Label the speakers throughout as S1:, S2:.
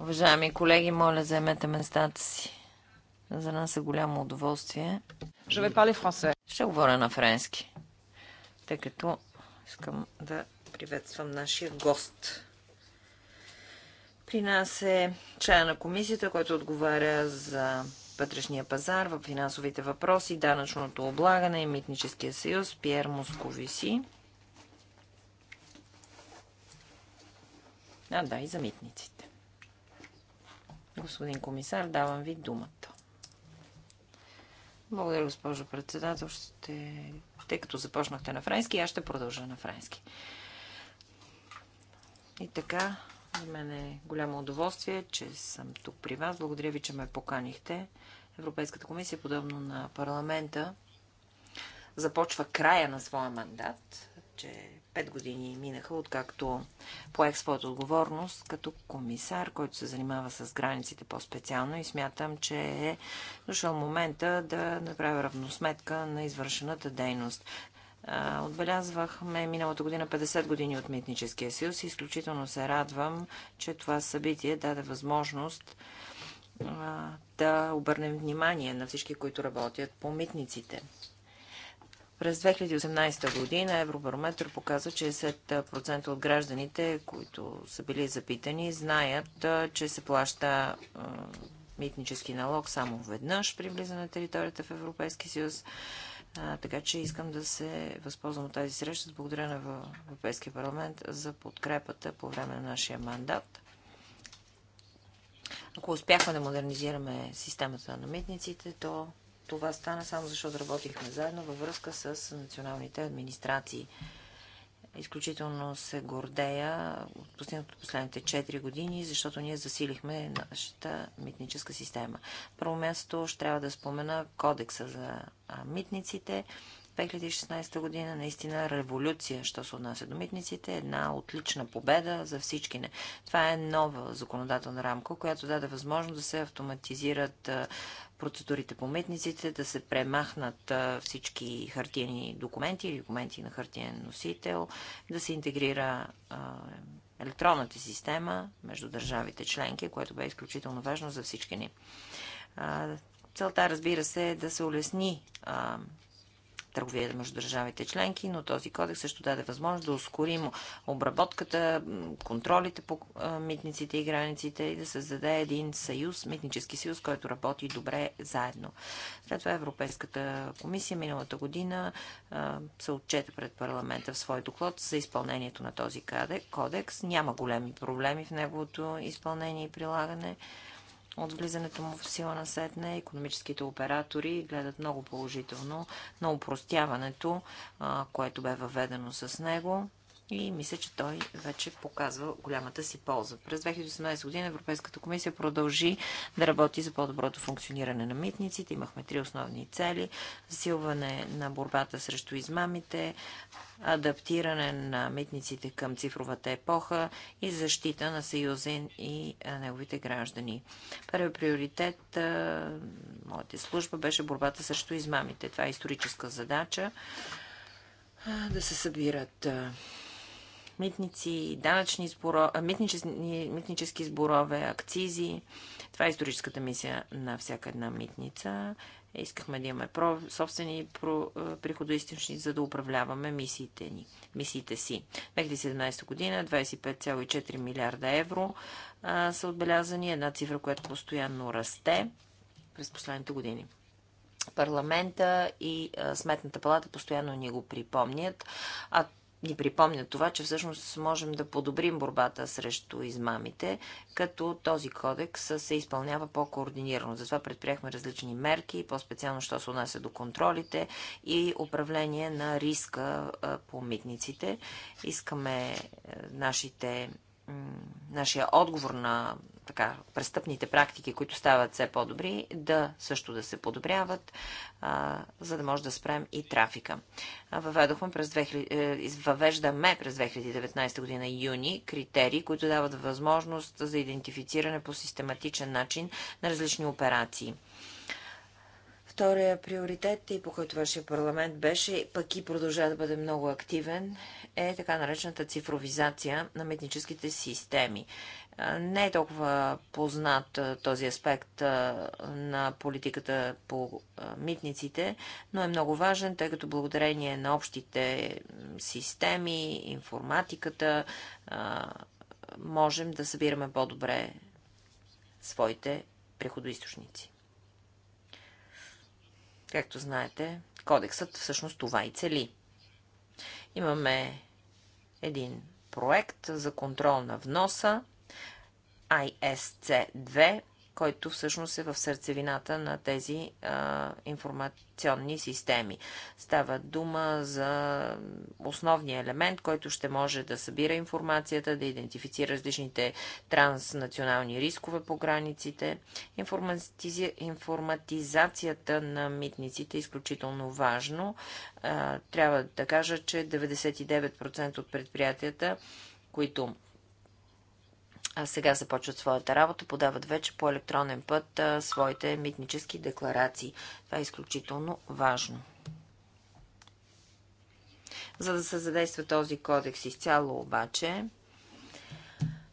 S1: Уважаеми колеги, моля, заемете местата си. За нас е голямо удоволствие. Ще говоря на френски, тъй като искам да приветствам нашия гост. При нас е член на комисията, който отговаря за вътрешния пазар, в финансовите въпроси, данъчното облагане и митническия съюз Пьер Московиси. А, да, и за митниците. Господин комисар, давам ви думата. Благодаря, госпожо председател. Ще... Тъй като започнахте на френски, аз ще продължа на френски. И така, за мен е голямо удоволствие, че съм тук при вас. Благодаря ви, че ме поканихте. Европейската комисия, подобно на парламента, започва края на своя мандат, че Пет години минаха, откакто поех своята отговорност като комисар, който се занимава с границите по-специално и смятам, че е дошъл момента да направя равносметка на извършената дейност. Отбелязвахме миналата година 50 години от Митническия съюз и изключително се радвам, че това събитие даде възможност да обърнем внимание на всички, които работят по митниците. През 2018 година Евробарометр показва, че 60% от гражданите, които са били запитани, знаят, че се плаща митнически налог само веднъж при влизане на територията в Европейския съюз. А, така че искам да се възползвам от тази среща. Благодаря на Европейския парламент за подкрепата по време на нашия мандат. Ако успяхме да модернизираме системата на митниците, то това стана само защото работихме заедно във връзка с националните администрации. Изключително се гордея от последните 4 години, защото ние засилихме нашата митническа система. Първо място ще трябва да спомена кодекса за митниците 2016 година наистина революция, що се отнася до митниците, една отлична победа за всички не. Това е нова законодателна рамка, която даде възможност да се автоматизират процедурите по митниците, да се премахнат всички хартиени документи или документи на хартиен носител, да се интегрира електронната система между държавите членки, което бе изключително важно за всички ни. Целта, разбира се, е да се улесни Търговия между държавите членки, но този кодекс също даде възможност да ускорим обработката, контролите по митниците и границите и да създаде един съюз, митнически съюз, който работи добре заедно. След това Европейската комисия миналата година се отчете пред парламента в свой доклад за изпълнението на този кодекс. Няма големи проблеми в неговото изпълнение и прилагане. От влизането му в сила на сетне, економическите оператори гледат много положително на упростяването, което бе въведено с него и мисля, че той вече показва голямата си полза. През 2018 година Европейската комисия продължи да работи за по-доброто функциониране на митниците. Имахме три основни цели. Засилване на борбата срещу измамите, адаптиране на митниците към цифровата епоха и защита на съюзен и неговите граждани. Първи приоритет моята служба беше борбата срещу измамите. Това е историческа задача да се събират митници, данъчни сборо... митнически, митнически сборове, акцизи. Това е историческата мисия на всяка една митница. Искахме да имаме про... собствени про... приходоистични, за да управляваме мисиите, ни, мисиите си. 2017 година 25,4 милиарда евро а, са отбелязани. Една цифра, която постоянно расте през последните години парламента и а, Сметната палата постоянно ни го припомнят, а ни припомня това, че всъщност можем да подобрим борбата срещу измамите, като този кодекс се изпълнява по-координирано. Затова предприехме различни мерки, по-специално, що се отнася до контролите и управление на риска по митниците. Искаме е, нашите, нашия отговор на така, престъпните практики, които стават все по-добри, да също да се подобряват, а, за да може да спрем и трафика. Въведохме през 2000, е, въвеждаме през 2019 година юни критерии, които дават възможност за идентифициране по систематичен начин на различни операции. Втория приоритет, и по който вашия парламент беше, пък и продължава да бъде много активен, е така наречената цифровизация на метническите системи. Не е толкова познат този аспект на политиката по митниците, но е много важен, тъй като благодарение на общите системи, информатиката, можем да събираме по-добре своите приходоисточници. Както знаете, кодексът всъщност това и цели. Имаме един проект за контрол на вноса ISC2 който всъщност е в сърцевината на тези а, информационни системи. Става дума за основния елемент, който ще може да събира информацията, да идентифицира различните транснационални рискове по границите. Информатизи... Информатизацията на митниците е изключително важно. А, трябва да кажа, че 99% от предприятията, които а сега започват своята работа, подават вече по електронен път а, своите митнически декларации. Това е изключително важно. За да се задейства този кодекс изцяло обаче,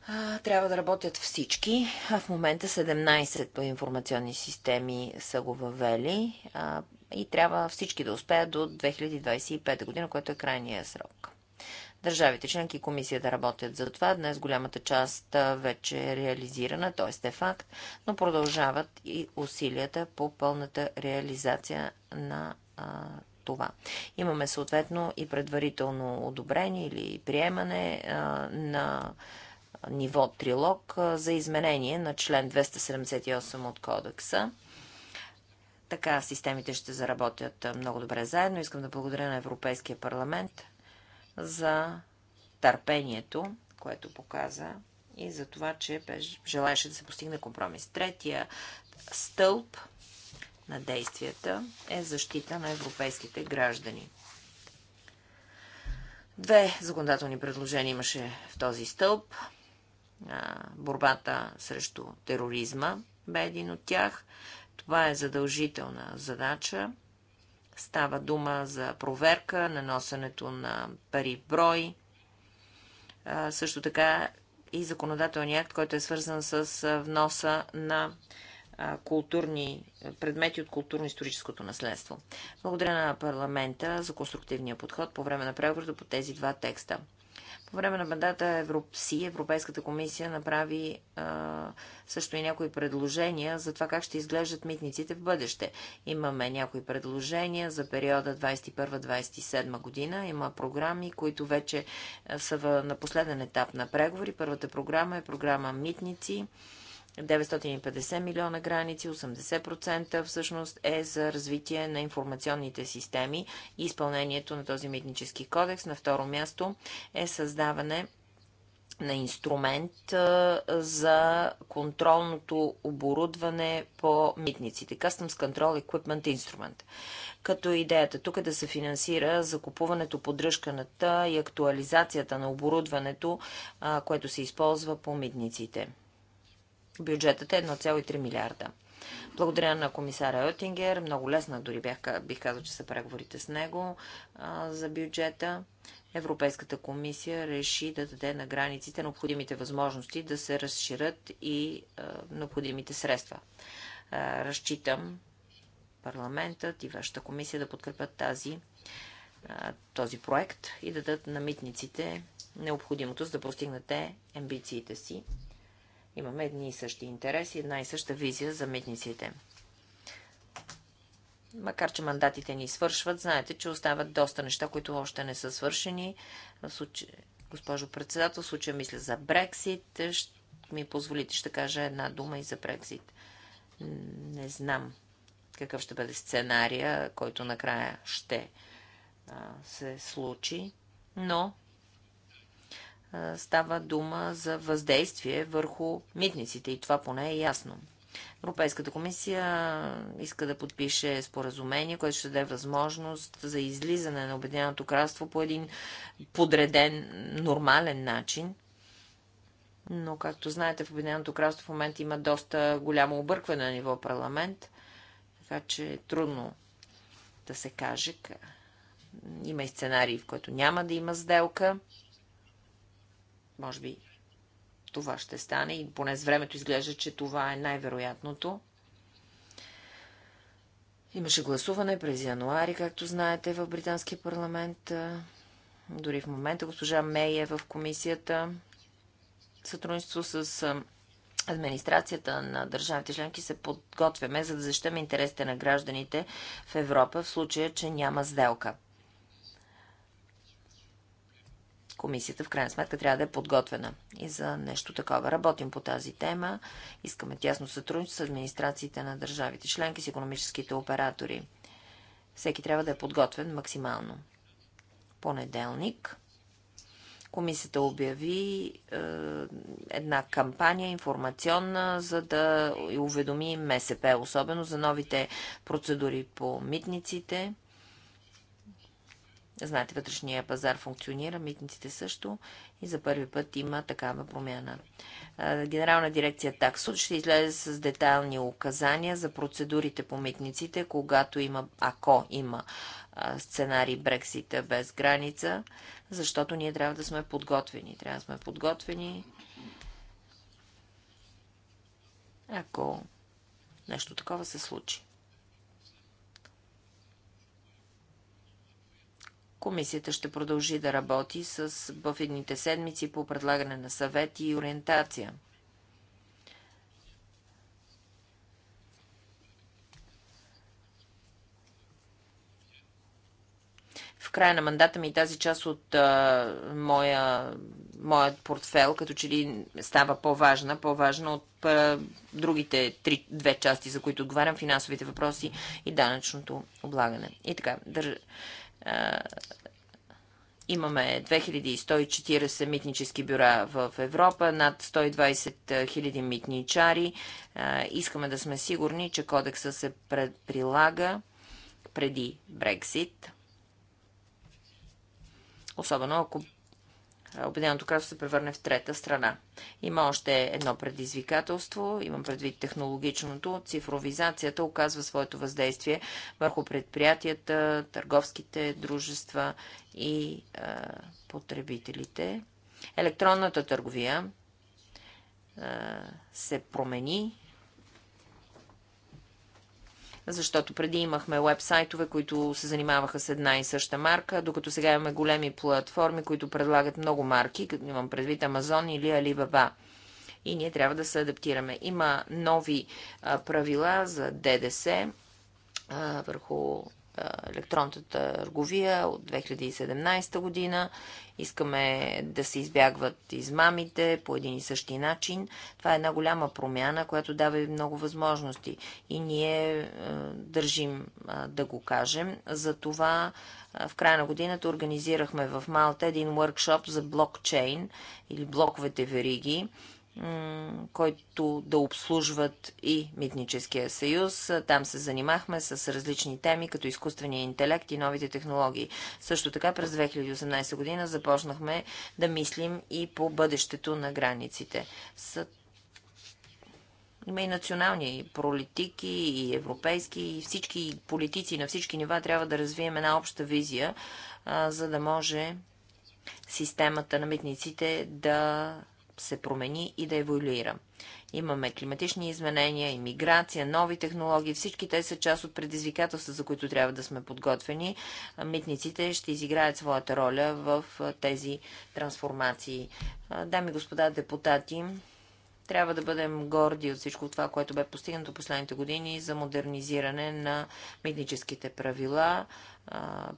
S1: а, трябва да работят всички. А в момента 17 информационни системи са го въвели а, и трябва всички да успеят до 2025 година, което е крайния срок. Държавите членки и комисията работят за това. Днес голямата част вече е реализирана, т.е. е факт, но продължават и усилията по пълната реализация на а, това. Имаме съответно и предварително одобрение или приемане а, на ниво трилог за изменение на член 278 от кодекса. Така системите ще заработят много добре заедно. Искам да благодаря на Европейския парламент за търпението, което показа и за това, че желаеше да се постигне компромис. Третия стълб на действията е защита на европейските граждани. Две законодателни предложения имаше в този стълб. Борбата срещу тероризма бе един от тях. Това е задължителна задача Става дума за проверка на носенето на пари в брой. Също така и законодателния акт, който е свързан с вноса на културни предмети от културно-историческото наследство. Благодаря на парламента за конструктивния подход по време на преговорите по тези два текста. По време на мандата Европси, Европейската комисия направи а, също и някои предложения за това как ще изглеждат митниците в бъдеще. Имаме някои предложения за периода 21-27 година. Има програми, които вече са в, на последен етап на преговори. Първата програма е програма Митници. 950 милиона граници, 80% всъщност е за развитие на информационните системи и изпълнението на този митнически кодекс. На второ място е създаване на инструмент за контролното оборудване по митниците. Customs Control Equipment Instrument. Като идеята тук е да се финансира закупуването, поддръжканата и актуализацията на оборудването, което се използва по митниците бюджетът е 1,3 милиарда. Благодаря на комисара Йотингер. Много лесна дори бях, бих казал, че са преговорите с него а, за бюджета. Европейската комисия реши да даде на границите необходимите възможности да се разширят и а, необходимите средства. А, разчитам парламентът и вашата комисия да подкрепят тази, а, този проект и да дадат на митниците необходимото, за да постигнете амбициите си Имаме едни и същи интереси, една и съща визия за митниците. Макар, че мандатите ни свършват, знаете, че остават доста неща, които още не са свършени. В случай, госпожо председател, в случая мисля за Брексит. Ще ми позволите, ще кажа една дума и за Брексит. Не знам какъв ще бъде сценария, който накрая ще се случи, но става дума за въздействие върху митниците и това поне е ясно. Европейската комисия иска да подпише споразумение, което ще даде възможност за излизане на Обединеното кралство по един подреден, нормален начин. Но, както знаете, в Обединеното кралство в момента има доста голямо объркване на ниво парламент, така че е трудно да се каже. Има и сценарии, в които няма да има сделка. Може би това ще стане и поне с времето изглежда, че това е най-вероятното. Имаше гласуване през януари, както знаете, в Британския парламент. Дори в момента госпожа Мей е в комисията. Сътрудничество с администрацията на държавите членки се подготвяме, за да защитаме интересите на гражданите в Европа в случая, че няма сделка. комисията в крайна сметка трябва да е подготвена и за нещо такова. Работим по тази тема. Искаме тясно сътрудничество с администрациите на държавите членки, с економическите оператори. Всеки трябва да е подготвен максимално. Понеделник комисията обяви е, една кампания информационна, за да уведоми МСП, особено за новите процедури по митниците – Знаете, вътрешния пазар функционира, митниците също и за първи път има такава промяна. Генерална дирекция Таксот ще излезе с детайлни указания за процедурите по митниците, когато има, ако има сценарий Брексита без граница, защото ние трябва да сме подготвени. Трябва да сме подготвени, ако нещо такова се случи. Комисията ще продължи да работи с, в седмици по предлагане на съвети и ориентация. В края на мандата ми тази част от а, моя, моят портфел, като че ли става по-важна, по-важна от а, другите три, две части, за които отговарям, финансовите въпроси и данъчното облагане. И така, държа Имаме 2140 митнически бюра в Европа, над 120 000 митничари. Искаме да сме сигурни, че кодекса се прилага преди Брексит. Особено ако Обединеното кралство се превърне в трета страна. Има още едно предизвикателство, имам предвид технологичното. Цифровизацията оказва своето въздействие върху предприятията, търговските дружества и а, потребителите. Електронната търговия се промени защото преди имахме вебсайтове, които се занимаваха с една и съща марка, докато сега имаме големи платформи, които предлагат много марки, като имам предвид Амазон или Alibaba. И ние трябва да се адаптираме. Има нови правила за ДДС върху е, електронната търговия от 2017 година. Искаме да се избягват измамите по един и същи начин. Това е една голяма промяна, която дава и много възможности. И ние е, държим е, да го кажем. Затова е, в края на годината организирахме в Малта един въркшоп за блокчейн или блоковете вериги който да обслужват и Митническия съюз. Там се занимахме с различни теми, като изкуствения интелект и новите технологии. Също така през 2018 година започнахме да мислим и по бъдещето на границите. Има и национални политики, и европейски, и всички политици на всички нива трябва да развием една обща визия, за да може системата на митниците да се промени и да еволюира. Имаме климатични изменения, иммиграция, нови технологии. Всички те са част от предизвикателства, за които трябва да сме подготвени. Митниците ще изиграят своята роля в тези трансформации. Дами и господа депутати, трябва да бъдем горди от всичко това, което бе постигнато последните години за модернизиране на митническите правила.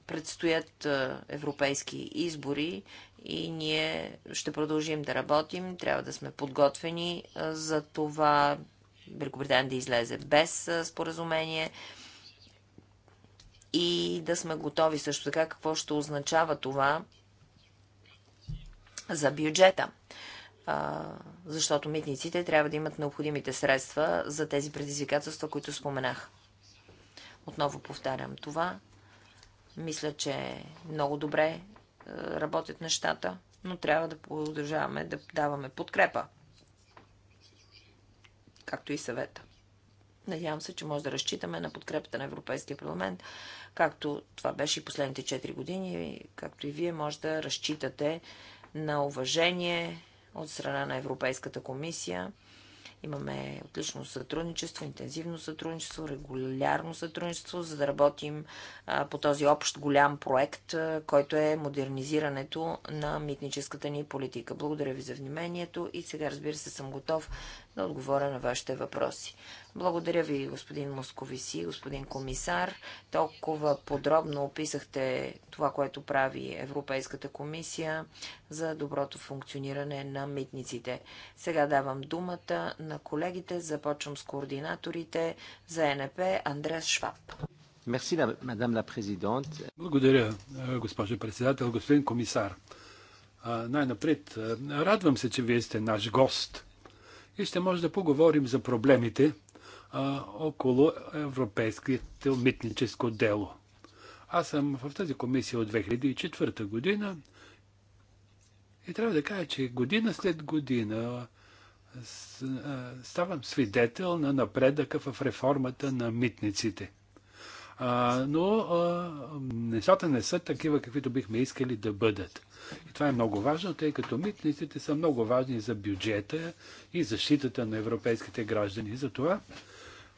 S1: Предстоят европейски избори и ние ще продължим да работим. Трябва да сме подготвени за това Великобритания да излезе без споразумение и да сме готови също така какво ще означава това за бюджета защото митниците трябва да имат необходимите средства за тези предизвикателства, които споменах. Отново повтарям това. Мисля, че много добре е, работят нещата, но трябва да продължаваме да даваме подкрепа, както и съвета. Надявам се, че може да разчитаме на подкрепата на Европейския парламент, както това беше и последните 4 години, както и вие може да разчитате на уважение, от страна на Европейската комисия. Имаме отлично сътрудничество, интензивно сътрудничество, регулярно сътрудничество, за да работим по този общ голям проект, който е модернизирането на митническата ни политика. Благодаря ви за вниманието и сега, разбира се, съм готов да отговоря на вашите въпроси. Благодаря ви, господин Московиси, господин комисар. Толкова подробно описахте това, което прави Европейската комисия за доброто функциониране на митниците. Сега давам думата на колегите. Започвам с координаторите за НП Андреас Шваб.
S2: Мерси,
S3: мадам ла президент.
S2: Благодаря, госпожо председател, господин комисар. Най-напред, радвам се, че вие сте наш гост и ще може да поговорим за проблемите а, около европейското митническо дело. Аз съм в тази комисия от 2004 година и трябва да кажа, че година след година ставам свидетел на напредъка в реформата на митниците – а, но а, нещата не са такива, каквито бихме искали да бъдат. И това е много важно, тъй като митниците са много важни за бюджета и защитата на европейските граждани. И затова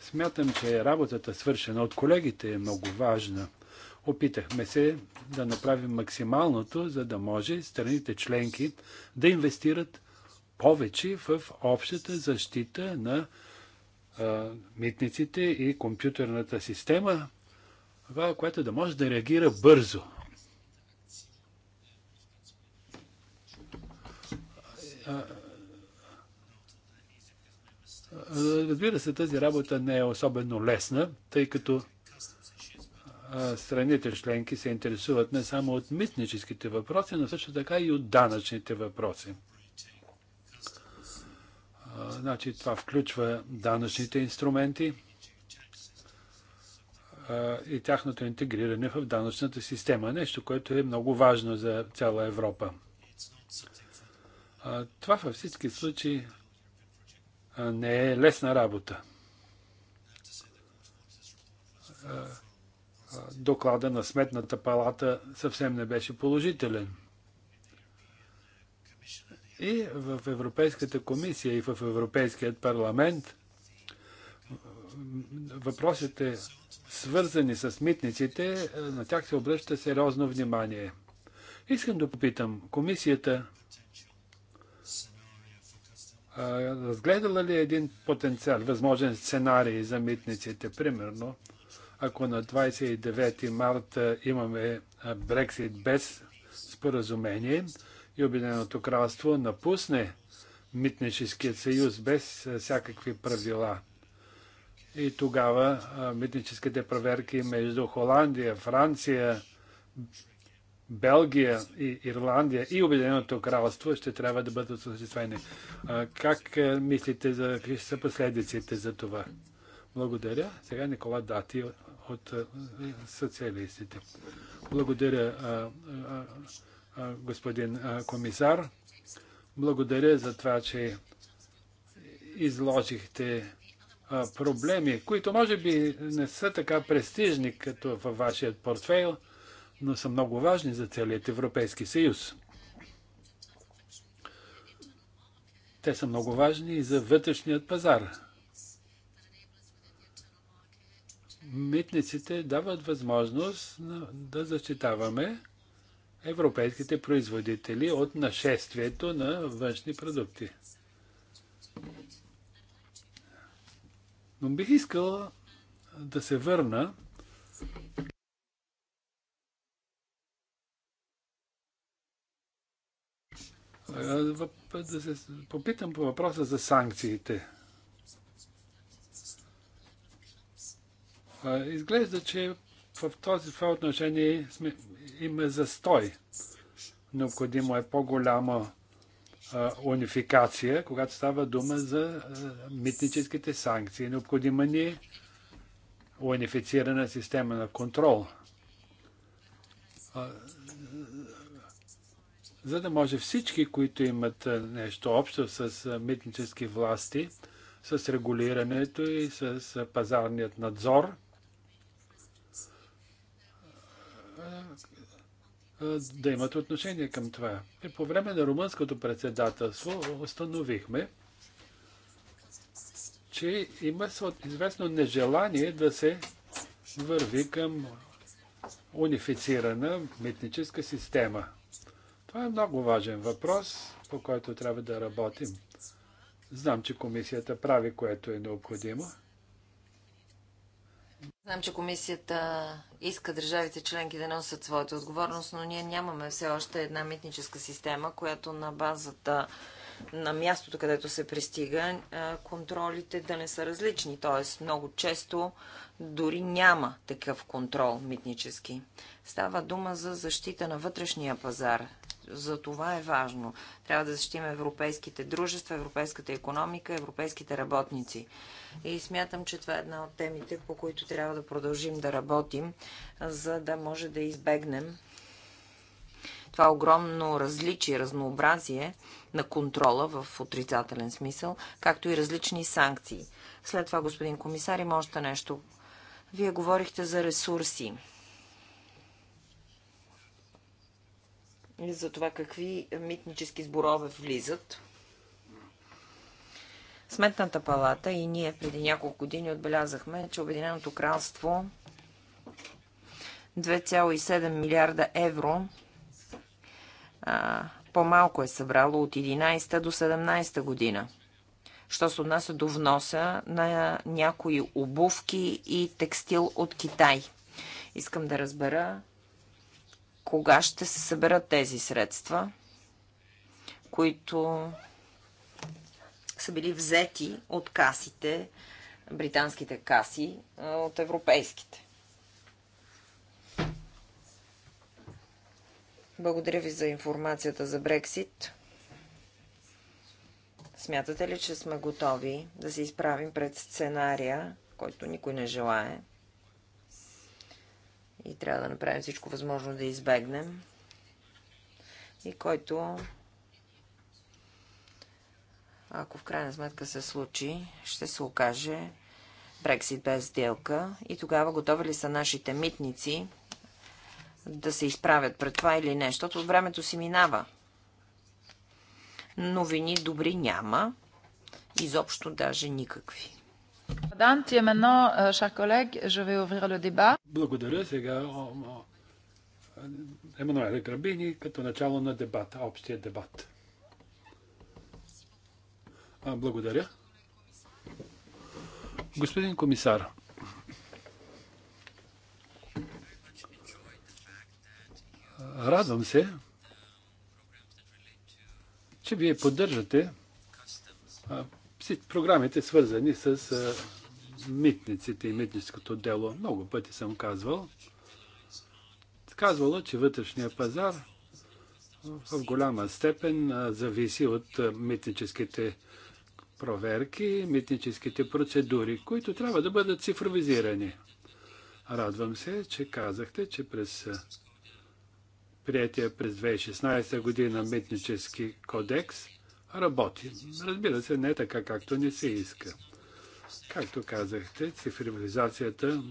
S2: смятам, че работата, свършена от колегите, е много важна. Опитахме се да направим максималното, за да може страните членки да инвестират повече в общата защита на а, митниците и компютърната система, това, което да може да реагира бързо. Разбира се, тази работа не е особено лесна, тъй като страните членки се интересуват не само от митническите въпроси, но също така и от данъчните въпроси. Значи това включва данъчните инструменти, и тяхното интегриране в данъчната система. Нещо, което е много важно за цяла Европа. Това във всички случаи не е лесна работа. Доклада на Сметната палата съвсем не беше положителен. И в Европейската комисия, и в Европейският парламент – въпросите, свързани с митниците, на тях се обръща сериозно внимание. Искам да попитам, комисията а, разгледала ли е един потенциал, възможен сценарий за митниците? Примерно, ако на 29 марта имаме Брексит без споразумение и Обединеното кралство напусне митническият съюз без всякакви правила – и тогава митническите проверки между Холандия, Франция, Белгия и Ирландия и Обединеното кралство ще трябва да бъдат осъществени. Как е, мислите за какви са последиците за това? Благодаря. Сега Никола Дати от е, социалистите. Благодаря, господин комисар. Благодаря за това, че изложихте проблеми, които може би не са така престижни като във вашия портфейл, но са много важни за целият Европейски съюз. Те са много важни и за вътрешният пазар. Митниците дават възможност да защитаваме европейските производители от нашествието на външни продукти. Но бих искала да се върна да се попитам по въпроса за санкциите. Изглежда, че в този това отношение сме, има застой. Необходимо е по голямо унификация, когато става дума за митническите санкции. Необходима ни е унифицирана система на контрол, за да може всички, които имат нещо общо с митнически власти, с регулирането и с пазарният надзор, да имат отношение към това. И по време на румънското председателство установихме, че има известно нежелание да се върви към унифицирана митническа система. Това е много важен въпрос, по който трябва да работим. Знам, че комисията прави което е необходимо.
S1: Знам, че комисията иска държавите членки да носят своята отговорност, но ние нямаме все още една митническа система, която на базата на мястото, където се пристига, контролите да не са различни. Т.е. много често дори няма такъв контрол митнически. Става дума за защита на вътрешния пазар. За това е важно. Трябва да защитим европейските дружества, европейската економика, европейските работници. И смятам, че това е една от темите, по които трябва да продължим да работим, за да може да избегнем това огромно различие, разнообразие на контрола в отрицателен смисъл, както и различни санкции. След това, господин комисар, има още нещо. Вие говорихте за ресурси. за това какви митнически сборове влизат. Сметната палата и ние преди няколко години отбелязахме, че Обединеното кралство 2,7 милиарда евро по-малко е събрало от 11 до 17 година. Що се отнася до вноса на някои обувки и текстил от Китай. Искам да разбера кога ще се съберат тези средства, които са били взети от касите, британските каси, от европейските? Благодаря ви за информацията за Брексит. Смятате ли, че сме готови да се изправим пред сценария, който никой не желае? и трябва да направим всичко възможно да избегнем и който ако в крайна сметка се случи, ще се окаже Брексит без сделка и тогава готови ли са нашите митници да се изправят пред това или не, защото времето си минава. Новини добри няма, изобщо даже никакви. Euh,
S2: благодаря сега. Емануеле Грабини като начало на дебата, общия дебат. Благодаря. Господин комисар, радвам се, че вие поддържате програмите свързани с митниците и митническото дело. Много пъти съм казвал. Казвало, че вътрешния пазар в голяма степен зависи от митническите проверки, митническите процедури, които трябва да бъдат цифровизирани. Радвам се, че казахте, че през приятия през 2016 година митнически кодекс – работи. Разбира се, не така, както не се иска. Както казахте, цифровизацията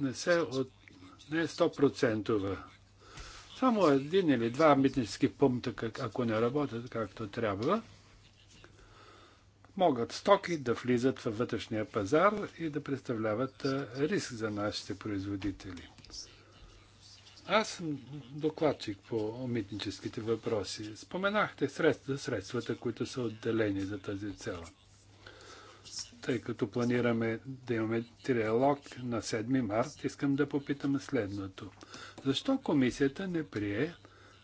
S2: не, се от... не е 100%. Само един или два митнически пункта, ако не работят както трябва, могат стоки да влизат във вътрешния пазар и да представляват риск за нашите производители. Аз съм докладчик по митническите въпроси. Споменахте средства, средствата, които са отделени за тази цела. Тъй като планираме да имаме триалог на 7 март, искам да попитам следното. Защо комисията не прие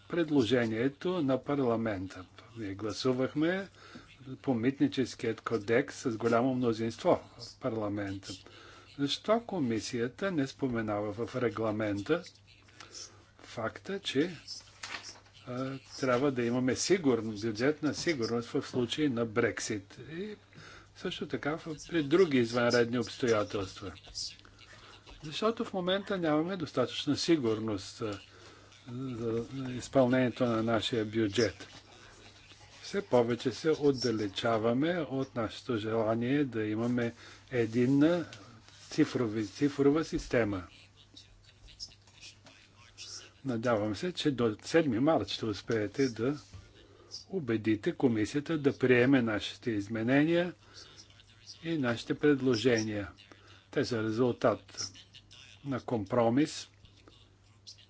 S2: предложението на парламента? Ние гласувахме по митническият кодекс с голямо мнозинство в парламента. Защо комисията не споменава в регламента факта, че а, трябва да имаме сигурност, бюджетна сигурност в случай на Брексит и също така при други извънредни обстоятелства. Защото в момента нямаме достатъчна сигурност за изпълнението на нашия бюджет. Все повече се отдалечаваме от нашето желание да имаме единна цифрови, цифрова система. Надявам се, че до 7 марта ще успеете да убедите комисията да приеме нашите изменения и нашите предложения. Те са резултат на компромис.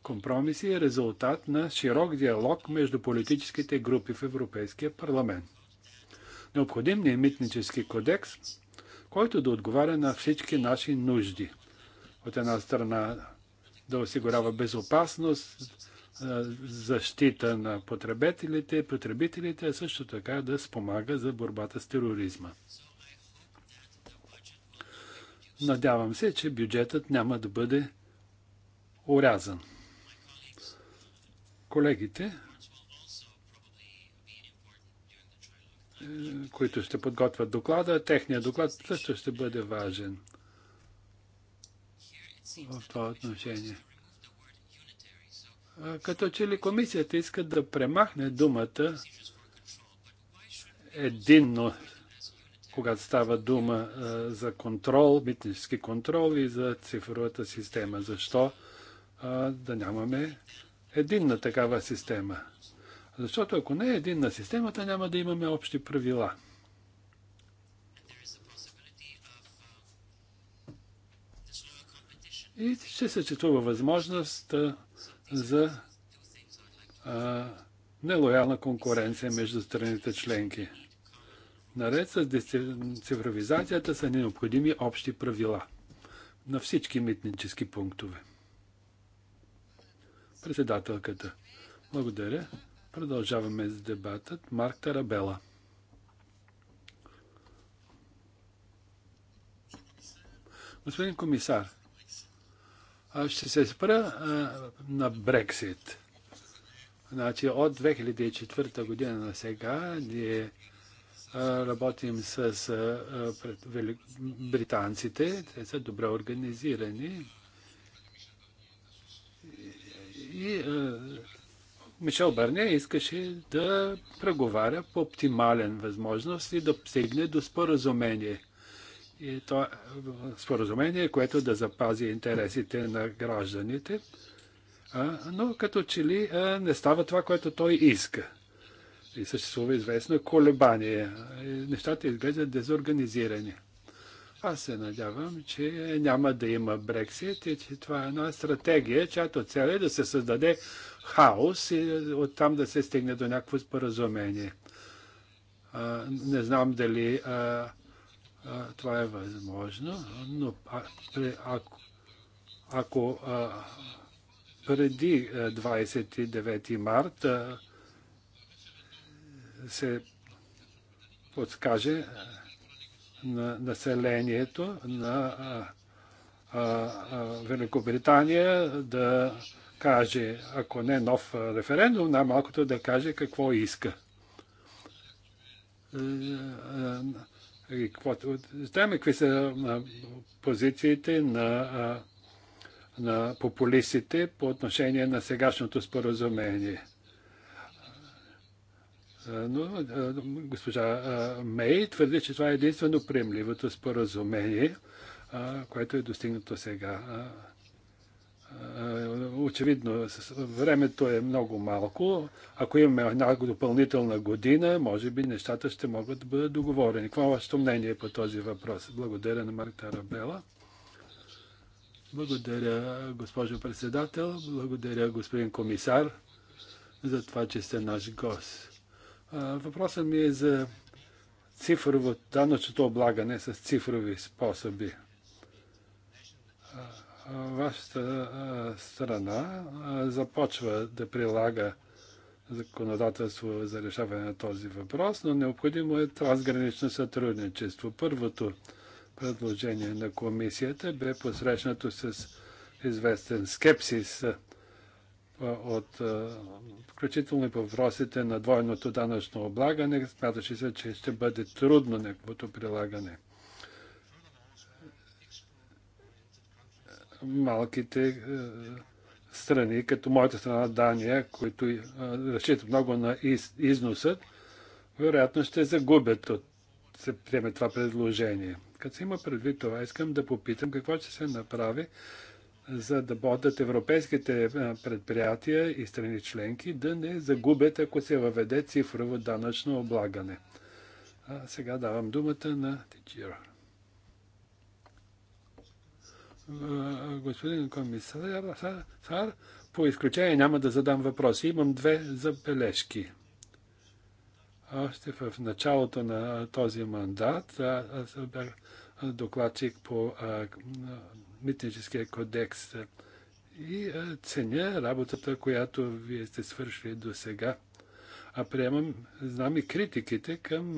S2: Компромис е резултат на широк диалог между политическите групи в Европейския парламент. Необходим ни е митнически кодекс, който да отговаря на всички наши нужди. От една страна да осигурява безопасност, защита на потребителите, потребителите, а също така да спомага за борбата с тероризма. Надявам се, че бюджетът няма да бъде урязан. Колегите, е, които ще подготвят доклада, техният доклад също ще бъде важен в това отношение. Като че ли комисията иска да премахне думата единно, когато става дума за контрол, митнически контрол и за цифровата система. Защо да нямаме единна такава система? Защото ако не е единна системата, няма да имаме общи правила – И ще съществува възможност за а, нелоялна конкуренция между страните членки. Наред с цифровизацията са необходими общи правила на всички митнически пунктове. Председателката. Благодаря. Продължаваме с дебатът. Марк Тарабела. Господин комисар, ще се спра на Брексит. Значи от 2004 година на сега ние работим с британците. Те са добре организирани. И Мишел Барне искаше да преговаря по оптимален възможност и да стигне до споразумение и то е споразумение, което да запази интересите на гражданите, но като че ли не става това, което той иска. И съществува известно колебание. Нещата изглеждат дезорганизирани. Аз се надявам, че няма да има Брексит и че това е една стратегия, чиято цел е да се създаде хаос и оттам да се стигне до някакво споразумение. не знам дали това е възможно, но ако, ако преди 29 март се подскаже на населението на Великобритания да каже, ако не нов референдум, най-малкото да каже какво иска е, е, е Знаем какви са позициите на, на популистите по отношение на сегашното споразумение. Но госпожа Мей твърди, че това е единствено приемливото споразумение, което е достигнато сега. Е, очевидно, времето е много малко. Ако имаме една допълнителна година, може би нещата ще могат да бъдат договорени. Какво е вашето мнение по този въпрос? Благодаря на Марк Тарабела. Благодаря, госпожо председател. Благодаря, господин комисар, за това, че сте наш гост. Въпросът ми е за цифрово данъчното облагане с цифрови способи вашата страна започва да прилага законодателство за решаване на този въпрос, но необходимо е трансгранично сътрудничество. Първото предложение на комисията бе посрещнато с известен скепсис от включително и по въпросите на двойното данъчно облагане. Смяташе се, че ще бъде трудно неговото прилагане. малките е, страни, като моята страна Дания, които е, разчитат много на из, вероятно ще загубят от се приеме това предложение. Като се има предвид това, искам да попитам какво ще се направи, за да бодат европейските е, предприятия и страни членки да не загубят, ако се въведе цифрово данъчно облагане. А сега давам думата на Тичиро. Е, господин комисар, по изключение няма да задам въпроси. Имам две забележки. Още в началото на този мандат аз бях докладчик по митническия кодекс и ценя работата, която вие сте свършили до сега. А приемам, знам и критиките към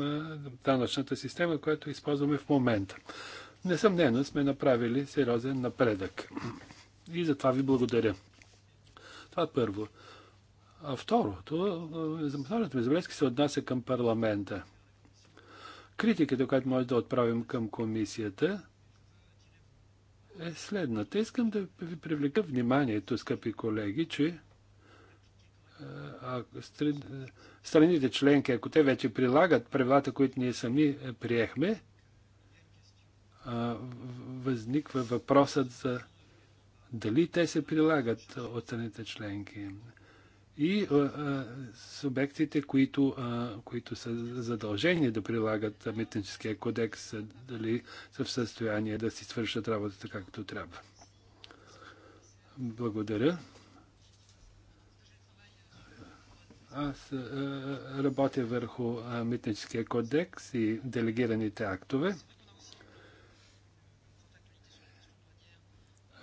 S2: данъчната система, която използваме в момента. Несъмнено сме направили сериозен напредък. И за това ви благодаря. Това е първо. А второто, второто ми забележка се отнася към парламента. Критиката, която може да отправим към комисията, е следната. Искам да ви привлека вниманието, скъпи колеги, че е, а, страните членки, ако те вече прилагат правилата, които ние сами е, приехме, възниква въпросът за дали те се прилагат от страните членки и субектите, които, които са задължени да прилагат митническия кодекс, дали са в състояние да си свършат работата както трябва. Благодаря. Аз работя върху митническия кодекс и делегираните актове.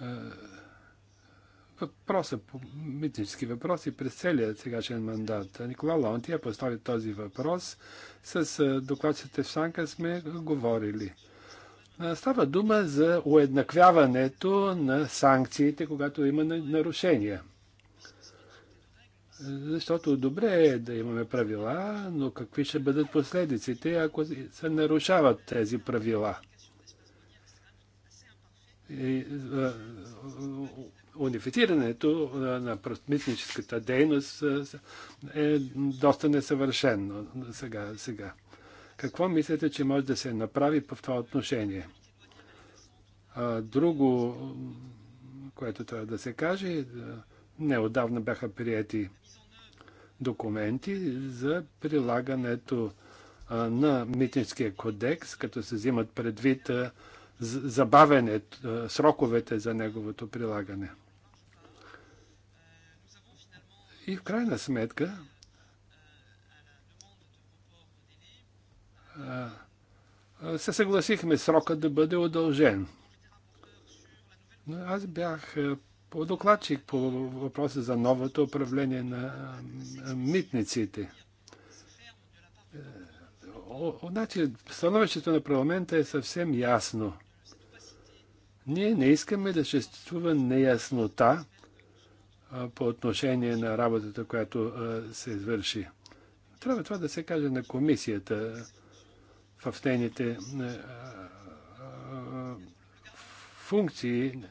S2: Е, въпроса, митнически въпроси през целия сегашен мандат. Никола Лонтия постави този въпрос. С е, докладчите в Санка сме говорили. Е, става дума за уеднаквяването на санкциите, когато има нарушения. Защото добре е да имаме правила, но какви ще бъдат последиците, ако се нарушават тези правила? унифицирането на митническата дейност е доста несъвършено сега. сега. Какво мислите, че може да се направи по това отношение? друго, което трябва да се каже, неодавна бяха прияти документи за прилагането на митническия кодекс, като се взимат предвид забавене е, сроковете за неговото прилагане. И в крайна сметка е, е, се съгласихме срока да бъде удължен. Но аз бях по докладчик по въпроса за новото управление на митниците. значи, становището на парламента е съвсем ясно. Ние не искаме да съществува неяснота по отношение на работата, която се извърши. Трябва това да се каже на комисията в нейните функции.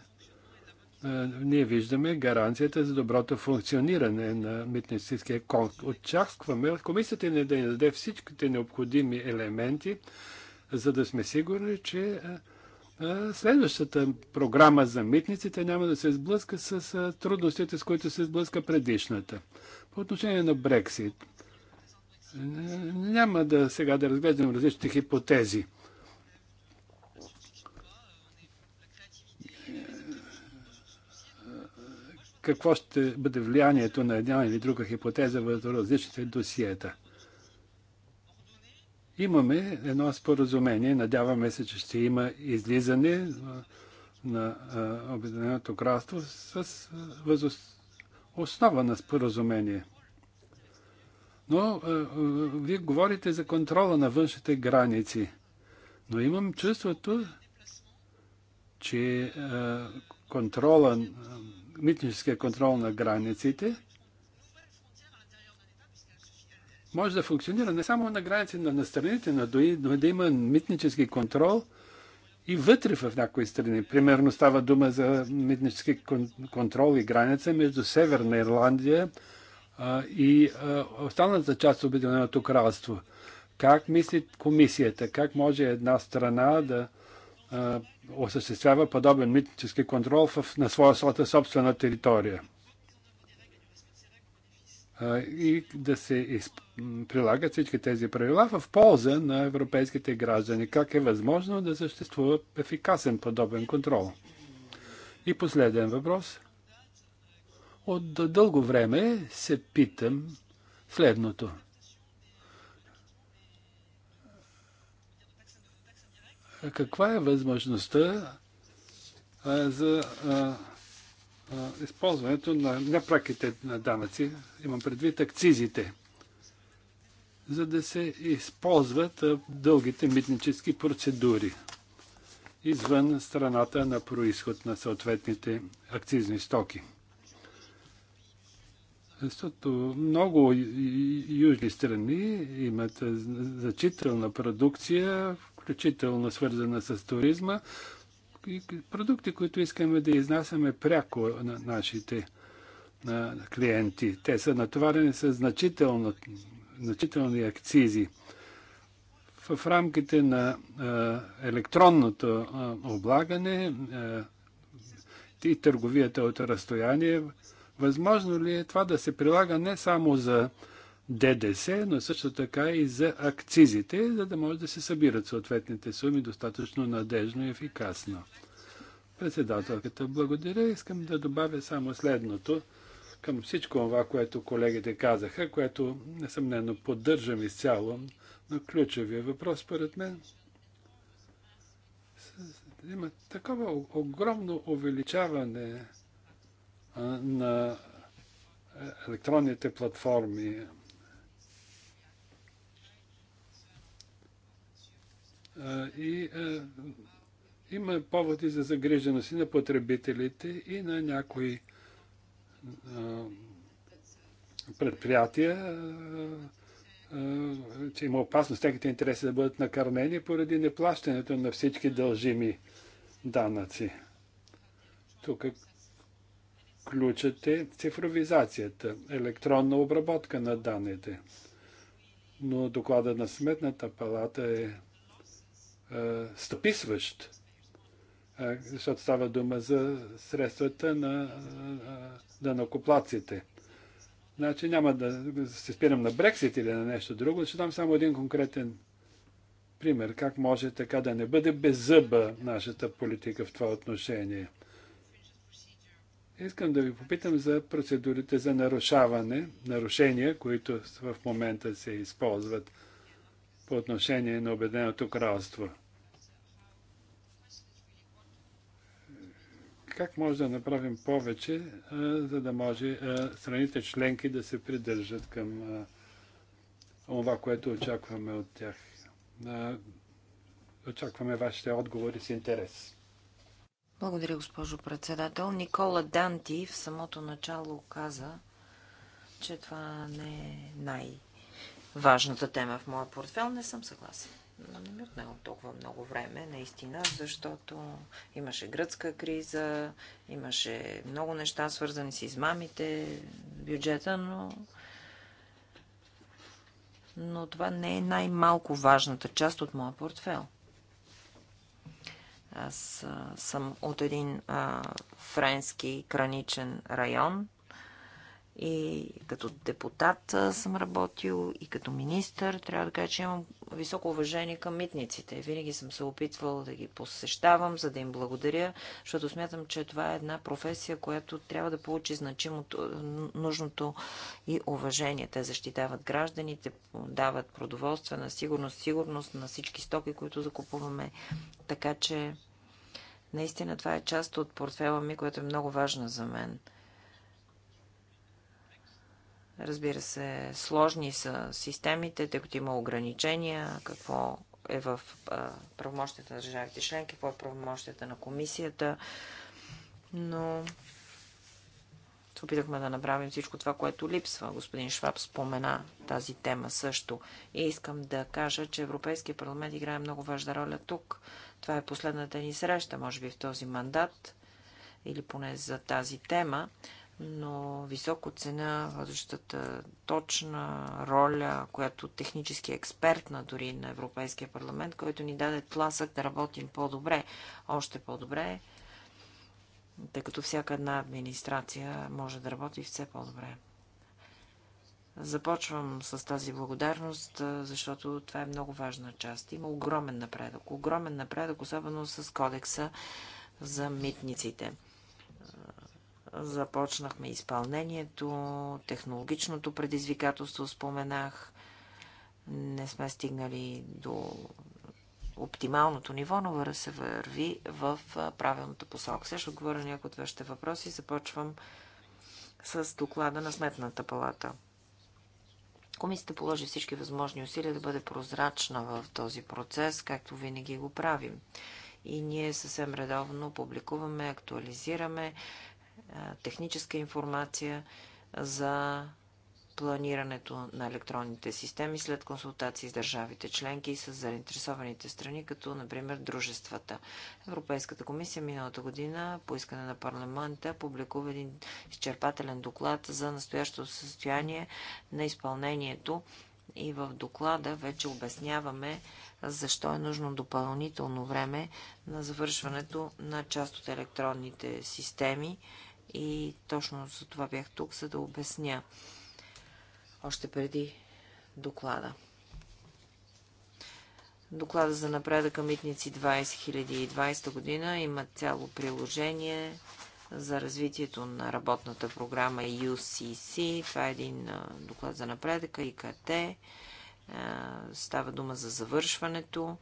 S2: Ние виждаме гаранцията за доброто функциониране на митническия конкурс. Очакваме комисията ни да ни даде всичките необходими елементи, за да сме сигурни, че следващата програма за митниците няма да се сблъска с трудностите, с които се сблъска предишната. По отношение на Брексит, няма да сега да разглеждам различните хипотези. Какво ще бъде влиянието на една или друга хипотеза в различните досиета? Имаме едно споразумение, надяваме се, че ще има излизане на Обединеното кралство с основа на споразумение. Но вие говорите за контрола на външните граници. Но имам чувството, че контрола, митническия контрол на границите – може да функционира не само на граници, но на страните, но да има митнически контрол и вътре в някои страни. Примерно става дума за митнически контрол и граница между Северна Ирландия и останалата част от Обединеното кралство. Как мисли комисията? Как може една страна да осъществява подобен митнически контрол в, на своя собствена територия? и да се изп... прилагат всички тези правила в полза на европейските граждани. Как е възможно да съществува ефикасен подобен контрол? И последен въпрос. От дълго време се питам следното. Каква е възможността а, за а, използването на непраките на данъци, имам предвид акцизите, за да се използват дългите митнически процедури извън страната на происход на съответните акцизни стоки. Защото много южни страни имат значителна продукция, включително свързана с туризма, продукти, които искаме да изнасяме пряко на нашите на клиенти. Те са натоварени с значително, значителни акцизи. В рамките на електронното облагане и търговията е от разстояние, възможно ли е това да се прилага не само за ДДС, но също така и за акцизите, за да може да се събират съответните суми достатъчно надежно и ефикасно. Председателката, благодаря. Искам да добавя само следното към всичко това, което колегите казаха, което несъмнено поддържам изцяло, но ключовия въпрос, според мен, има такова огромно увеличаване на е, електронните платформи, И има поводи за загриженост и на потребителите, и на някои предприятия, че има опасност техните интереси да бъдат накърнени поради неплащането на всички дължими данъци. Тук ключът е цифровизацията, електронна обработка на данните. Но докладът на Сметната палата е стъписващ, защото става дума за средствата на данокоплаците. Значи няма да се спирам на Брексит или на нещо друго, ще дам само един конкретен пример, как може така да не бъде беззъба нашата политика в това отношение. Искам да ви попитам за процедурите за нарушаване, нарушения, които в момента се използват по отношение на Обеденото кралство. Как може да направим повече, за да може страните членки да се придържат към това, което очакваме от тях? Очакваме вашите отговори с интерес.
S1: Благодаря, госпожо председател. Никола Данти в самото начало каза, че това не е най- важната тема в моя портфел. Не съм съгласен. Не ми отнело толкова много време, наистина, защото имаше гръцка криза, имаше много неща, свързани с измамите, бюджета, но но това не е най-малко важната част от моя портфел. Аз съм от един а, френски граничен район и като депутат съм работил, и като министър. Трябва да кажа, че имам високо уважение към митниците. Винаги съм се опитвал да ги посещавам, за да им благодаря, защото смятам, че това е една професия, която трябва да получи значимото, нужното и уважение. Те защитават гражданите, дават продоволствена сигурност, сигурност на всички стоки, които закупуваме. Така че, наистина, това е част от портфела ми, което е много важна за мен – Разбира се, сложни са системите, тъй като има ограничения, какво е в правомощията на държавите членки, какво е правомощията на комисията, но се опитахме да направим всичко това, което липсва. Господин Шваб спомена тази тема също. И искам да кажа, че Европейския парламент играе много важна роля тук. Това е последната ни среща, може би в този мандат или поне за тази тема но високо цена водещата точна роля, която технически експертна дори на Европейския парламент, който ни даде тласък да работим по-добре, още по-добре, тъй като всяка една администрация може да работи все по-добре. Започвам с тази благодарност, защото това е много важна част. Има огромен напредък. Огромен напредък, особено с кодекса за митниците Започнахме изпълнението, технологичното предизвикателство споменах. Не сме стигнали до оптималното ниво, но се върви в правилната посока. Също отговоря на някои от вашите въпроси. Започвам с доклада на Сметната палата. Комисията положи всички възможни усилия да бъде прозрачна в този процес, както винаги го правим. И ние съвсем редовно публикуваме, актуализираме техническа информация за планирането на електронните системи след консултации с държавите членки и с заинтересованите страни, като например дружествата. Европейската комисия миналата година по искане на парламента публикува един изчерпателен доклад за настоящото състояние на изпълнението и в доклада вече обясняваме защо е нужно допълнително време на завършването на част от електронните системи. И точно за това бях тук, за да обясня още преди доклада. Доклада за напредъка Митници 2020 година има цяло приложение за развитието на работната програма UCC. Това е един доклад за напредъка и КТ. Е, става дума за завършването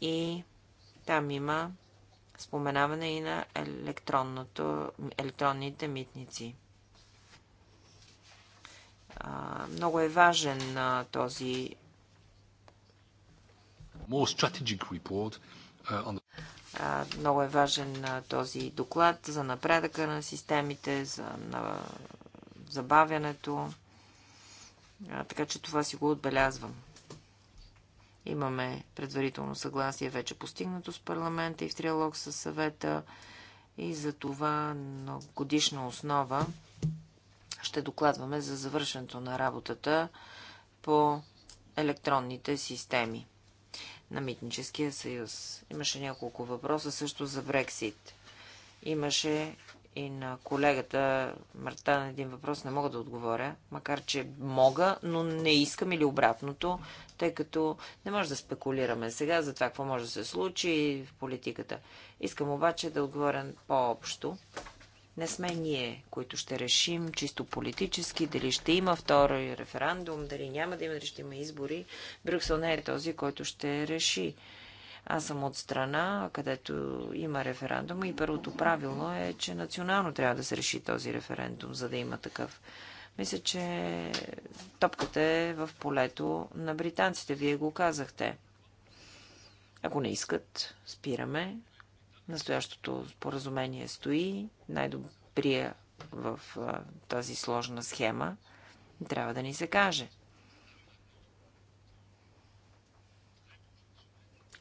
S1: и там има споменаване и на електронните митници. Много е важен този uh, много е важен този доклад за напредъка на системите, за на забавянето. Така че това си го отбелязвам. Имаме предварително съгласие, вече постигнато с парламента и в триалог с съвета. И за това на годишна основа ще докладваме за завършенето на работата по електронните системи на Митническия съюз. Имаше няколко въпроса също за Брексит. Имаше и на колегата Марта на един въпрос не мога да отговоря, макар че мога, но не искам или обратното, тъй като не може да спекулираме сега за това какво може да се случи в политиката. Искам обаче да отговоря по-общо. Не сме ние, които ще решим чисто политически дали ще има втори референдум, дали няма да има, дали ще има избори. Брюксел не е този, който ще реши аз съм от страна, където има референдум и първото правило е, че национално трябва да се реши този референдум, за да има такъв. Мисля, че топката е в полето на британците. Вие го казахте. Ако не искат, спираме. Настоящото споразумение стои. Най-добрия в тази сложна схема трябва да ни се каже.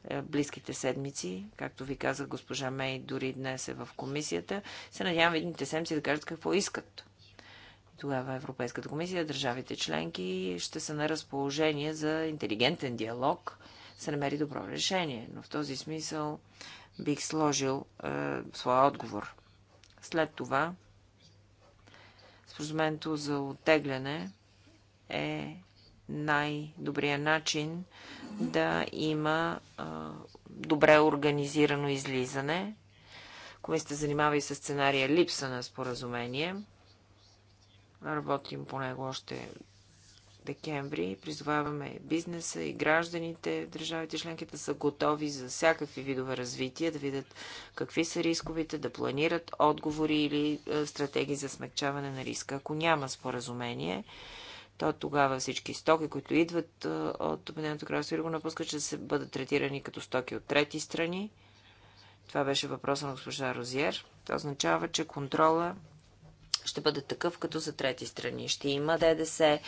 S1: Е, близките седмици. Както ви казах, госпожа Мей дори днес е в комисията. Се надявам едните седмици да кажат какво искат. Тогава Европейската комисия, държавите членки ще са на разположение за интелигентен диалог, се намери добро решение. Но в този смисъл бих сложил е, своя отговор. След това споразумението за оттегляне е най-добрия начин да има а, добре организирано излизане. Комисията занимава и с сценария липса на споразумение. Работим по него още декември. Призоваваме бизнеса и гражданите в държавите да са готови за всякакви видове развития да видят какви са рисковите, да планират отговори или стратегии за смягчаване на риска. Ако няма споразумение, то тогава всички стоки, които идват от Обединеното кралство и го напускат, ще се бъдат третирани като стоки от трети страни. Това беше въпроса на госпожа Розиер. Това означава, че контрола ще бъде такъв като за трети страни. Ще има ДДС,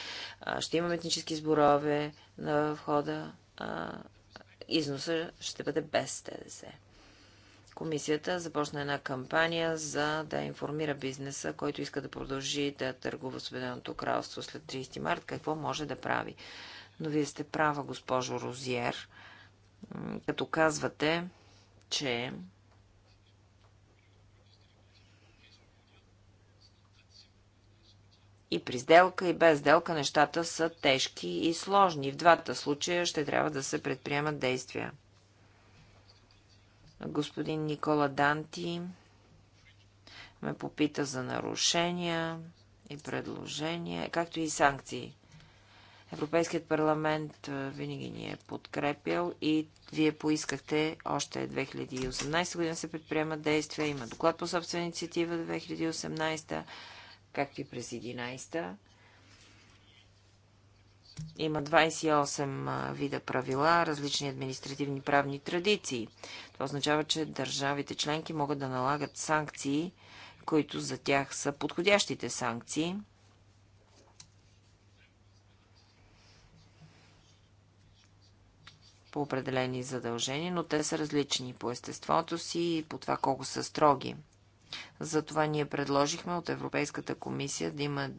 S1: ще има метнически сборове на входа, износа ще бъде без ДДС. Комисията започна една кампания за да информира бизнеса, който иска да продължи да търгува с Обединеното кралство след 30 март, какво може да прави. Но вие сте права, госпожо Розиер, като казвате, че и при сделка, и без сделка нещата са тежки и сложни. В двата случая ще трябва да се предприемат действия. Господин Никола Данти ме попита за нарушения и предложения, както и санкции. Европейският парламент винаги ни е подкрепял и вие поискахте още 2018 година се предприемат действия. Има доклад по собствена инициатива 2018, както и през 2011 има 28 вида правила, различни административни правни традиции. Това означава, че държавите членки могат да налагат санкции, които за тях са подходящите санкции. по определени задължения, но те са различни по естеството си и по това колко са строги. Затова ние предложихме от Европейската комисия да има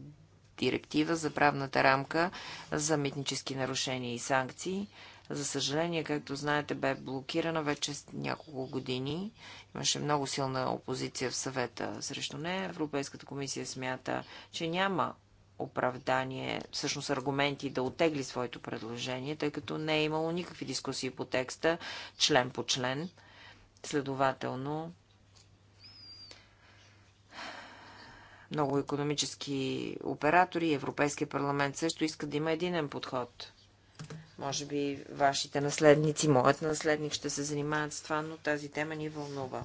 S1: директива за правната рамка за митнически нарушения и санкции. За съжаление, както знаете, бе блокирана вече няколко години. Имаше много силна опозиция в съвета срещу нея. Европейската комисия смята, че няма оправдание, всъщност аргументи да отегли своето предложение, тъй като не е имало никакви дискусии по текста, член по член. Следователно, много економически оператори, Европейския парламент също иска да има единен подход. Може би вашите наследници, моят наследник ще се занимават с това, но тази тема ни вълнува.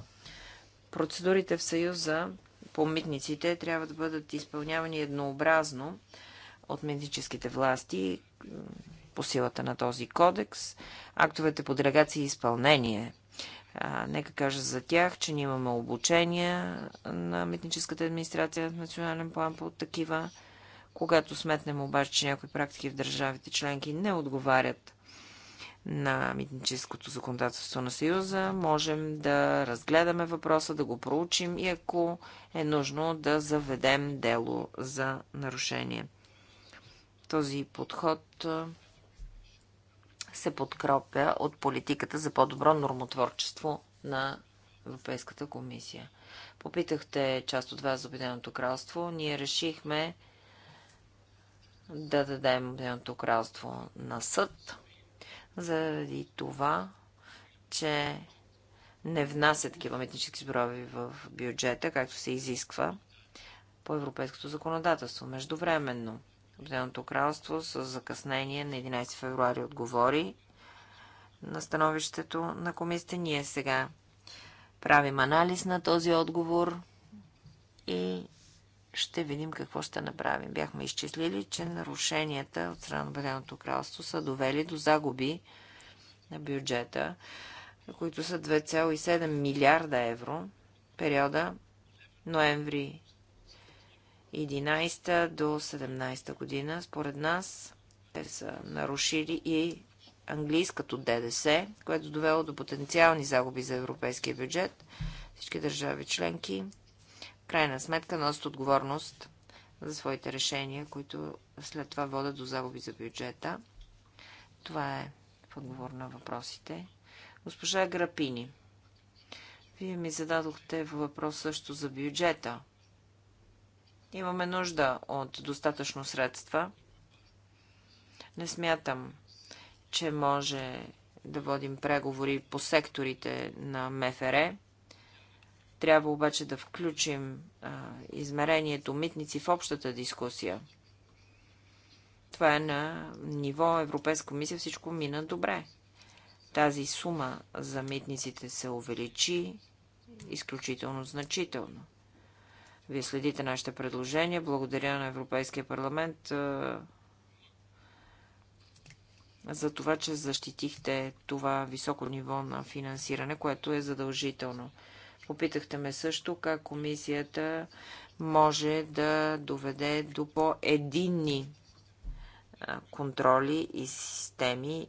S1: Процедурите в Съюза по митниците трябва да бъдат изпълнявани еднообразно от митническите власти по силата на този кодекс. Актовете по делегация и изпълнение нека кажа за тях, че ние имаме обучения на митническата администрация в национален план по такива. Когато сметнем обаче, че някои практики в държавите членки не отговарят на митническото законодателство на Съюза, можем да разгледаме въпроса, да го проучим и ако е нужно да заведем дело за нарушение. Този подход се подкропя от политиката за по-добро нормотворчество на Европейската комисия. Попитахте част от вас за Обединеното кралство. Ние решихме да дадем Обединеното кралство на съд, заради това, че не внася такива митнически сброви в бюджета, както се изисква по европейското законодателство. Междувременно, Обединеното кралство с закъснение на 11 февруари отговори на становището на комисията. Ние сега правим анализ на този отговор и ще видим какво ще направим. Бяхме изчислили, че нарушенията от страна на Обединеното кралство са довели до загуби на бюджета, които са 2,7 милиарда евро периода ноември 11 до 17 година. Според нас те са нарушили и английското ДДС, което довело до потенциални загуби за европейския бюджет. Всички държави членки В крайна сметка носят отговорност за своите решения, които след това водят до загуби за бюджета. Това е в отговор на въпросите. Госпожа Грапини, вие ми зададохте въпрос също за бюджета. Имаме нужда от достатъчно средства. Не смятам, че може да водим преговори по секторите на МФР. Трябва обаче да включим а, измерението митници в общата дискусия. Това е на ниво Европейска комисия. Всичко мина добре. Тази сума за митниците се увеличи изключително значително. Вие следите нашите предложения. Благодаря на Европейския парламент за това, че защитихте това високо ниво на финансиране, което е задължително. Попитахте ме също как комисията може да доведе до по-единни контроли и системи.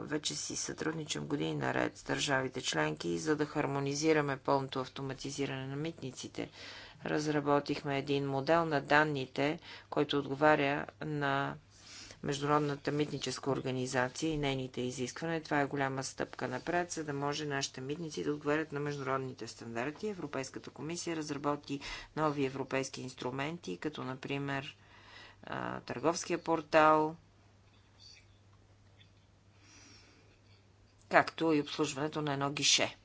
S1: Вече си сътрудничам години наред с държавите членки, за да хармонизираме пълното автоматизиране на митниците. Разработихме един модел на данните, който отговаря на Международната митническа организация и нейните изисквания. Това е голяма стъпка напред, за да може нашите митници да отговарят на международните стандарти. Европейската комисия разработи нови европейски инструменти, като например търговския портал, както и обслужването на едно гише.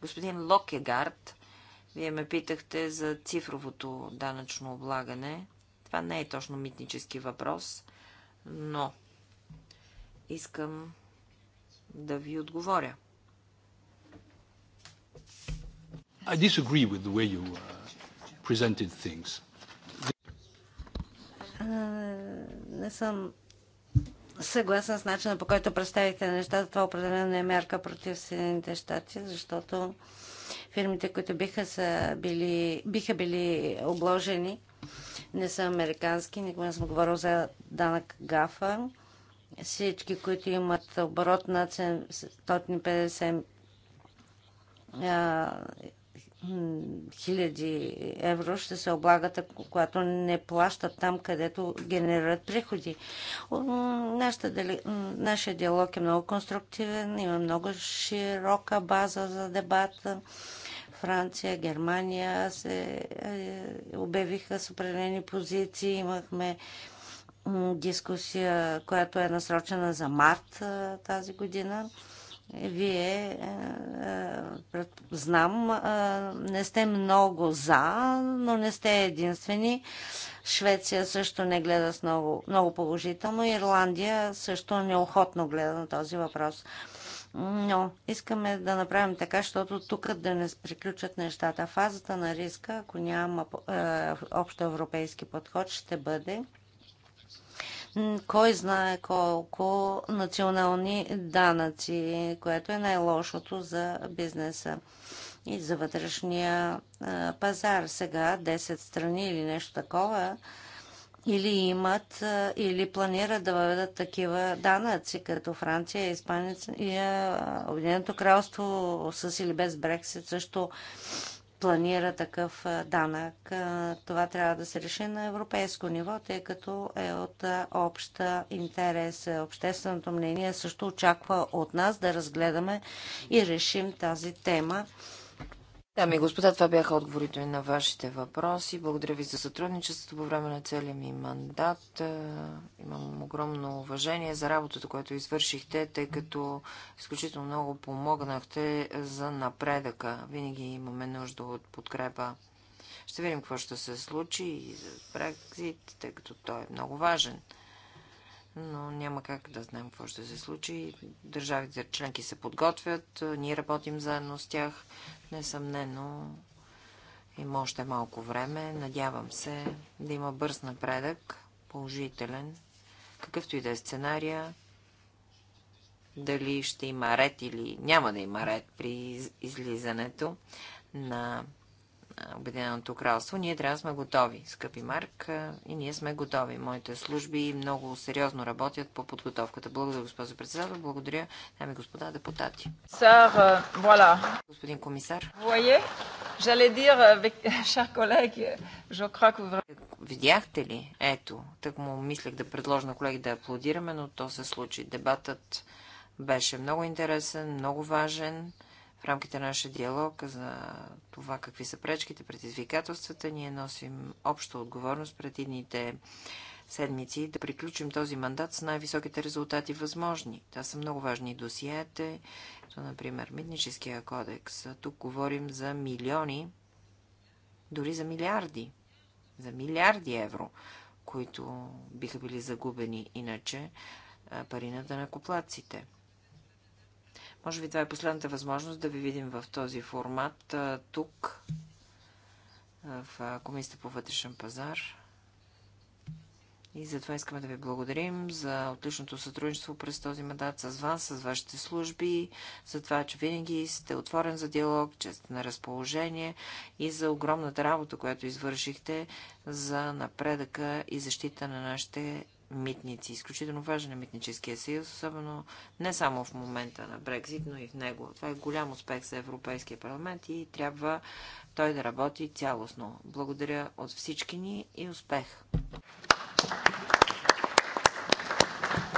S1: Господин Локегард, вие ме питахте за цифровото данъчно облагане. Това не е точно митнически въпрос, но искам да ви отговоря.
S2: I disagree with the way you uh, presented things
S3: не съм съгласен с начина по който представихте нещата. Това определено не е мярка против Съединените щати, защото фирмите, които биха, са били, биха били обложени, не са американски. Никога не съм говорил за данък ГАФА. Всички, които имат оборот над 750 хиляди евро ще се облагат, когато не плащат там, където генерират приходи. Нашия диалог е много конструктивен, има много широка база за дебата. Франция, Германия се е, обявиха с определени позиции. Имахме дискусия, която е насрочена за март тази година. Вие е, знам, не сте много за, но не сте единствени. Швеция също не гледа с много, много положително. Ирландия също неохотно гледа на този въпрос. Но искаме да направим така, защото тук да не приключат нещата. Фазата на риска, ако няма е, европейски подход, ще бъде кой знае колко национални данъци, което е най-лошото за бизнеса и за вътрешния пазар. Сега 10 страни или нещо такова или имат, или планират да въведат такива данъци, като Франция, Испания, Обединеното кралство с или без Брексит също планира такъв данък. Това трябва да се реши на европейско ниво, тъй като е от обща интерес. Общественото мнение също очаква от нас да разгледаме и решим тази тема Дами и господа,
S1: това бяха отговорите на вашите въпроси. Благодаря ви за сътрудничеството по време на целия ми мандат. Е, имам огромно уважение за работата, която извършихте, тъй като изключително много помогнахте за напредъка. Винаги имаме нужда от подкрепа. Ще видим какво ще се случи и за Брекзит, тъй като той е много важен. Но няма как да знаем какво ще се случи. Държавите членки се подготвят, е, ние работим заедно с тях, Несъмнено има още малко време. Надявам се да има бърз напредък, положителен, какъвто и да е сценария, дали ще има ред или няма да има ред при излизането на Обединеното кралство, ние трябва да сме готови, скъпи Марк, и ние сме готови. Моите служби много сериозно работят по подготовката. Благодаря, госпожо председател, благодаря, дами господа депутати. Сар, вуаля. Господин комисар. Вуае, жале дир, шар collègues, жо крак Видяхте ли? Ето, так му мислех да предложа на колеги да аплодираме, но то се случи. Дебатът беше много интересен, много важен в рамките на нашия диалог за това какви са пречките, предизвикателствата. Ние носим обща отговорност пред едните седмици да приключим този мандат с най-високите резултати възможни. Та са много важни досиете, като например Митническия кодекс. Тук говорим за милиони, дори за милиарди, за милиарди евро, които биха били загубени иначе парината на куплаците. Може би това е последната възможност да ви видим в този формат тук, в Комисията по вътрешен пазар. И затова искаме да ви благодарим за отличното сътрудничество през този мандат с вас, с вашите служби, за това, че винаги сте отворен за диалог, че сте на разположение и за огромната работа, която извършихте за напредъка и защита на нашите митници. Изключително важен е митническия съюз, особено не само в момента на Брекзит, но и в него. Това е голям успех за Европейския парламент и трябва той да работи цялостно. Благодаря от всички ни и успех!